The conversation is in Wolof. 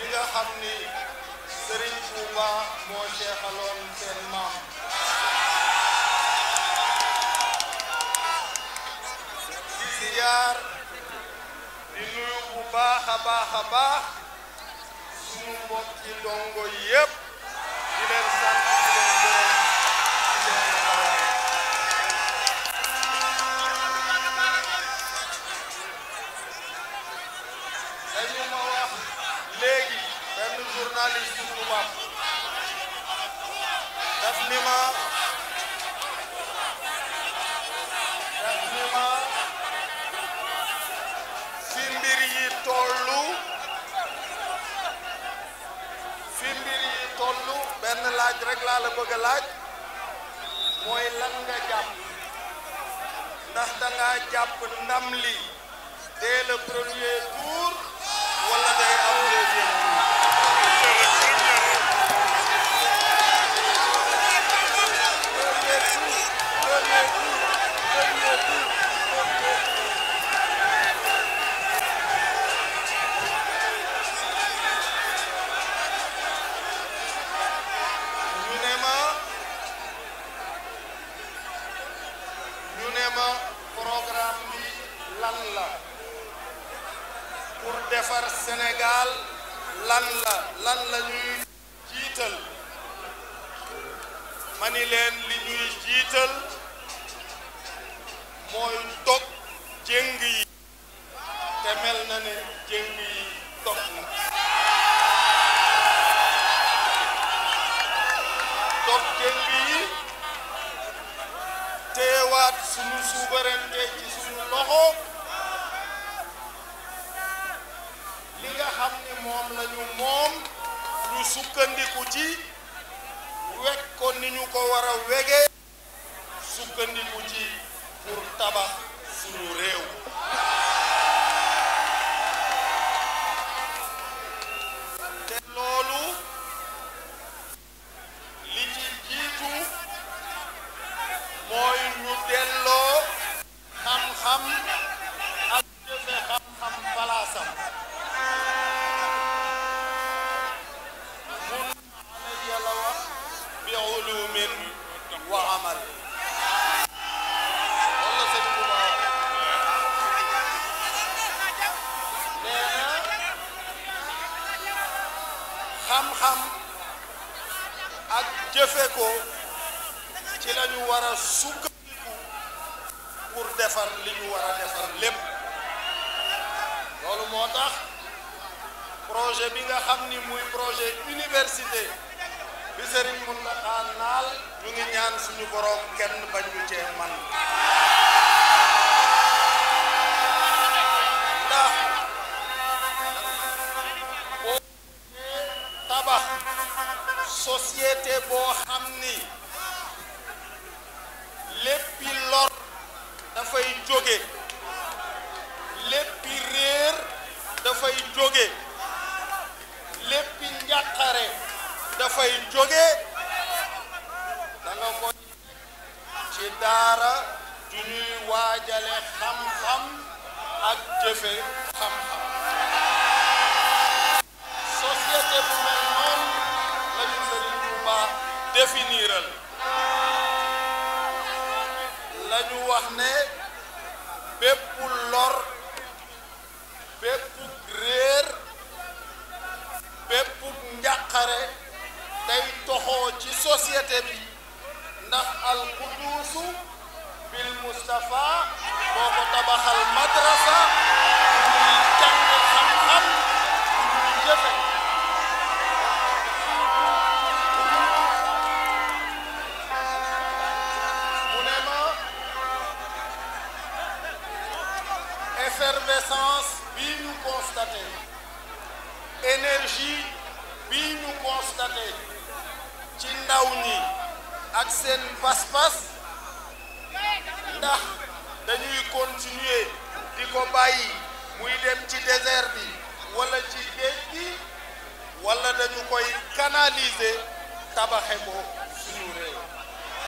bi nga xam ni sëriñ Touba moo seexaloon seen maam di ziyaar di nuyu bu baax a baax a baax sunu mbokk ci yépp quatrièmement fi fi mbir yi tollu benn laaj rek laa la bëgg laaj mooy lan nga jàpp ndax da jàpp ndam li dès le premier tour wala day am aar Sénégal lan la ñuy jiital ma ni leen li ñuy jiital mooy dog jéng yi te mel na ne jéng yi dog na dog jéng yi teewaat suñu souveraineté ci suñu loxo moom la ñu moom ñu sukkandiku ci wekk ko ni ñu ko wara wege sukkandiku ci pour tabax suñu réew علم وعمل والله سيد xam ak jëfe ko ci la ñu war pour defar li ñu war a defar lépp loolu moo tax projet bi nga xam ni muy projet université bi sëriñ Muntaxa naal ñu ngi ñaan suñu borom kenn bañ ñu cee man ndax boo tabax société boo xam ni léppi lor dafay jóge léppi réer dafay jóge léppi njàqare dafay jóge da nga ci daara ju ñuy waajale xam-xam ak jëfe xam-xam yuusu bil mustafa boo ko tabaxal madrasa muy jàng xam-xam muy mu ne ma bi ñu constaté énergie bi ñu constaté ci ndaw ñi ak seen pas ndax dañuy continuer di ko bàyyi muy dem ci désert bi walla ci géej gi wala dañu koy canaliser tabaxe ko